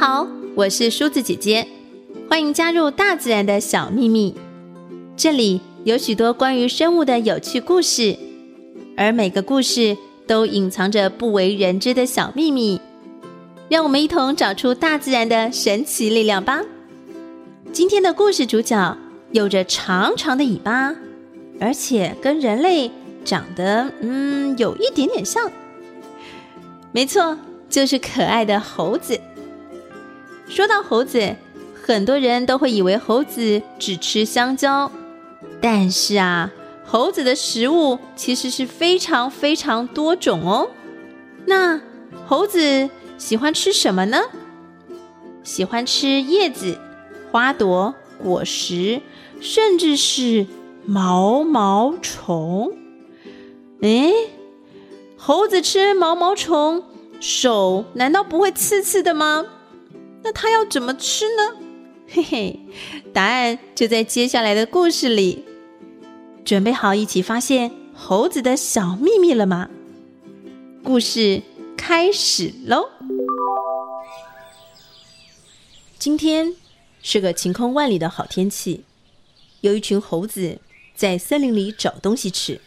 好，我是梳子姐姐，歡迎加入大自然的小秘密。這裡有許多關於生物的有趣故事，而每個故事都隱藏着不為人知的小秘密。讓我們一同找出大自然的神奇力量吧。今天的故事主角有着長長的尾巴，而且跟人類長得嗯有一點點像。沒錯，就是可愛的猴子。說到猴子，很多人都會以為猴子只吃香蕉，但是啊，猴子的食物其實是非常非常多種哦。那猴子喜歡吃什麼呢？喜歡吃葉子、花朵、果實，甚至是毛毛蟲。哎，猴子吃毛毛蟲，手難道不會刺刺的嗎？那他要怎麼吃呢？嘿嘿，答案就在接下來的故事裡。準備好一起發現猴子的小秘密了嗎？故事開始嘍！今天是個晴空萬里的好天氣，有一群猴子在森林裡找東西吃。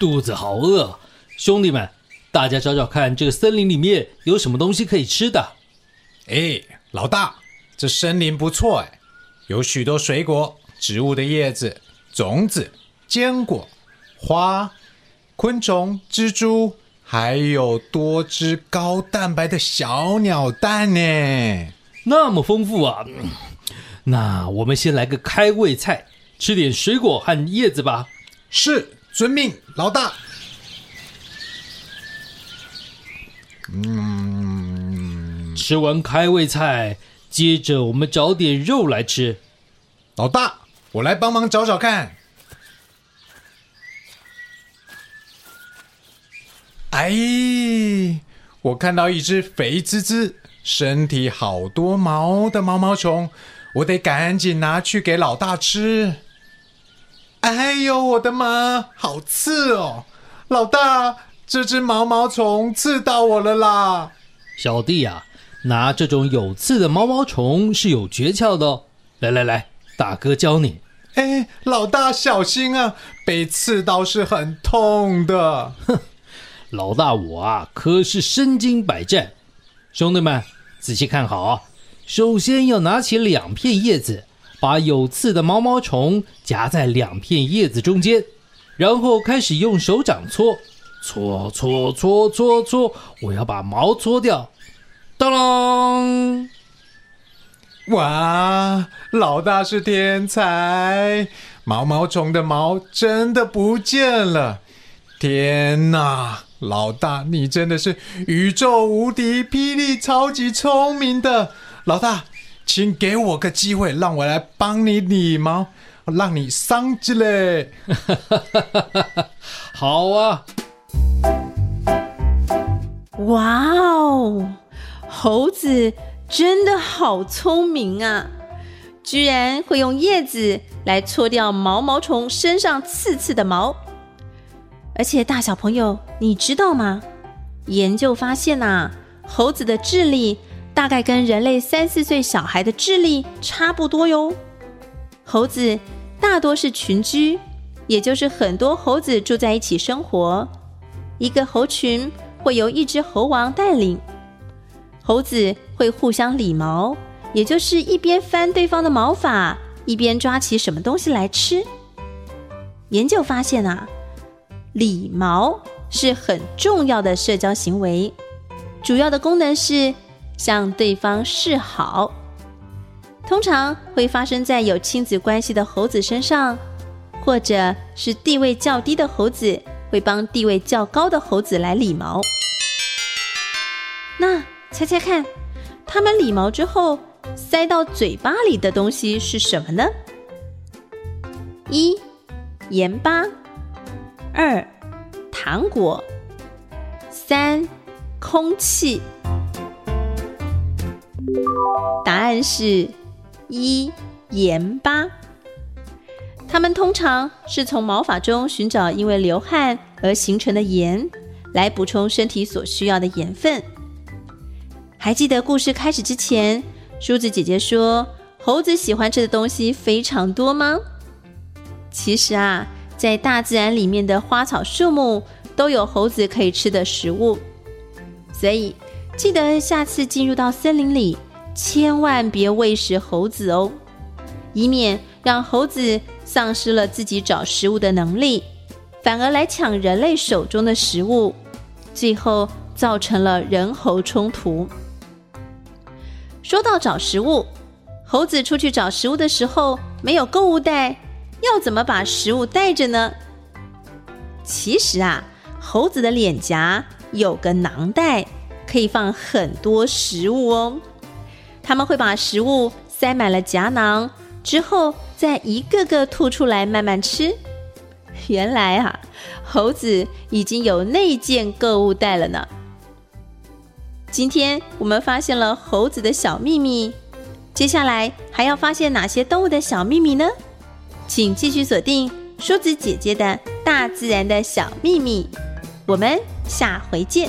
肚子好餓，兄弟們，大家找找看，這個森林裡面有什麼東西可以吃的？哎，老大，這森林不錯哎，有許多水果、植物的葉子、種子、堅果、花、昆蟲、蜘蛛，還有多汁高蛋白的小鳥蛋呢，那麼豐富啊！那我們先來個開胃菜，吃點水果和葉子吧。是，遵命，老大。嗯。吃完開胃菜，接着我們找點肉來吃。老大，我來幫忙找找看。哎，我看到一隻肥滋滋、身體好多毛的毛毛蟲，我得趕緊拿去給老大吃。哎呦，我的媽，好刺哦！老大，這隻毛毛蟲刺到我了啦！小弟呀。拿這種有刺的毛毛蟲是有訣竅的哦。來來來，大哥教你。哎，老大小心啊！被刺到是很痛的。哼，老大我啊可是身經百戰。兄弟們，仔細看好啊。首先要拿起兩片葉子，把有刺的毛毛蟲夾在兩片葉子中間，然後開始用手掌搓，搓搓搓搓搓，我要把毛搓掉。咚！噠噠哇，老大是天才，毛毛蟲的毛真的不見了！天哪、啊，老大你真的是宇宙無敵、霹靂超級聰明的老大，請給我個機會，讓我來幫你理毛，讓你升級嘞！ 好啊！哇哦！猴子真的好聰明啊！居然會用葉子來搓掉毛毛蟲身上刺刺的毛。而且，大小朋友，你知道嗎？研究發現吶、啊，猴子的智力大概跟人類三四歲小孩的智力差不多喲。猴子大多是群居，也就是很多猴子住在一起生活。一個猴群會由一隻猴王帶領。猴子會互相理毛，也就是一邊翻對方的毛髮，一邊抓起什麼東西來吃。研究發現啊，理毛是很重要的社交行為，主要的功能是向對方示好。通常會發生在有親子關係的猴子身上，或者是地位較低的猴子會幫地位較高的猴子來理毛。那。猜猜看，它們理毛之後塞到嘴巴裡的東西是什麼呢？一鹽巴，二糖果，三空氣。答案是一鹽巴。它們通常是從毛髮中尋找因為流汗而形成的鹽，來補充身體所需要的鹽分。還記得故事開始之前，梳子姐姐說猴子喜歡吃的東西非常多嗎？其實啊，在大自然裡面的花草樹木都有猴子可以吃的食物，所以記得下次進入到森林裡，千萬別喂食猴子哦，以免讓猴子喪失了自己找食物的能力，反而來搶人類手中的食物，最後造成了人猴衝突。說到找食物，猴子出去找食物的時候沒有購物袋，要怎麼把食物帶着呢？其實啊，猴子的臉頰有個囊袋，可以放很多食物哦。他們會把食物塞滿了頰囊，之後再一個個吐出來慢慢吃。原來啊，猴子已經有內建購物袋了呢。今天我們發現了猴子的小秘密，接下來還要發現哪些動物的小秘密呢？請繼續鎖定梳子姐姐的《大自然的小秘密》，我們下回見。